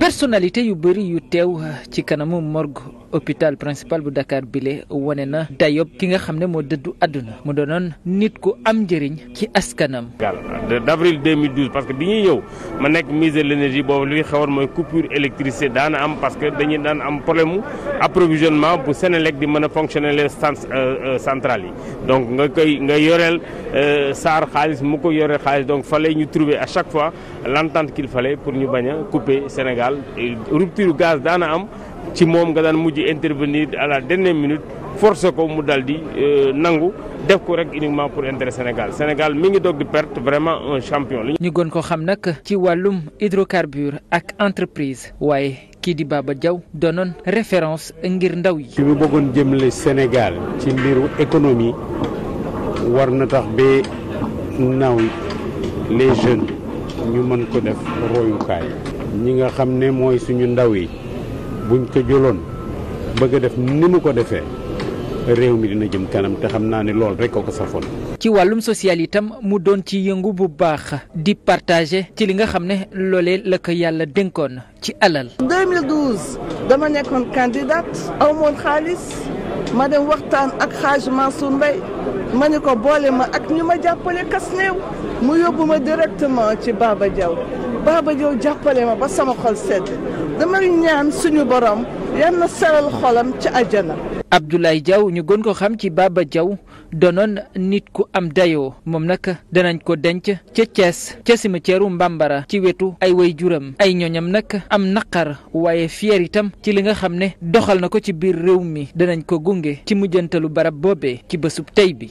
personnalité yu bëri yu teew ci kanamu morgue hôpital principal bu Dakar bile wane na dayob ki nga xam ne moo dëddu àdduna mu doonoon nit ku am njëriñ ci askanam. d' avril 2012 parce que bi ñuy ñëw ma nekk ministre de l' énergie boobu li xewoon mooy coupure électricité daan am parce que dañuy daan am problème approvisionnement bu Sénélec di mën a fonctionner les euh, euh, centrales yi donc nga koy nga yoreel euh, SAR xaalis mu ko yoreel xaalis donc fallait ñu trouver à pour ñu bañ a couper Sénégal rupture gaz daana am ci moom nga daan mujj intervenir à la dernière minute forcé ko mu dal di euh, nangu def ko rek uniquement pour intere Sénégal Sénégal mi ngi doog di perte vraiment un champion. ñu gën ko xam nag ci wàllum hydrocarbure ak entreprise waaye kii di Baba Diaw doonoon référence ngir ndaw yi. fi mu bëggoon jëmale Sénégal ci mbiru économie war na tax ba naaw les jeunes. ñu mën ko def royukaay ñi nga xam ne mooy suñu ndaw yi buñ ko jëloon bëgg a def ni mu ko defee réew mi dina jëm kanam te xam naa ne loolu rek ko ko safoon. ci wàllum social itam mu doon ci yëngu bu baax di partagé ci li nga xam ne loole la ko yàlla dénkoon na ci alal. 2012 dama nekkoon candidate aw moon xaalis ma dem waxtaan ak xaaj Mansour Mbaye ma ne ko boole ma ak ñu ma jàppale kas néew mu yóbbu ma directement ci Baba Diaw Baba Diaw jàppale ma ba sama xol sedd damay ñaan suñu borom yal na seral xolam ci àjjana. Abdoulaye Diaw ñu gën ko xam ci Baba jaw doonoon nit ku am dayoo moom nag danañ ko denc ca Thiès ca cimetière Mbambara ci wetu ay way juram ay ñoñam nag am naqar waaye fier itam ci li nga xam ne doxal na ko ci biir réew mi danañ ko gunge ci mujjantalu barab boobe ci bésub tey bi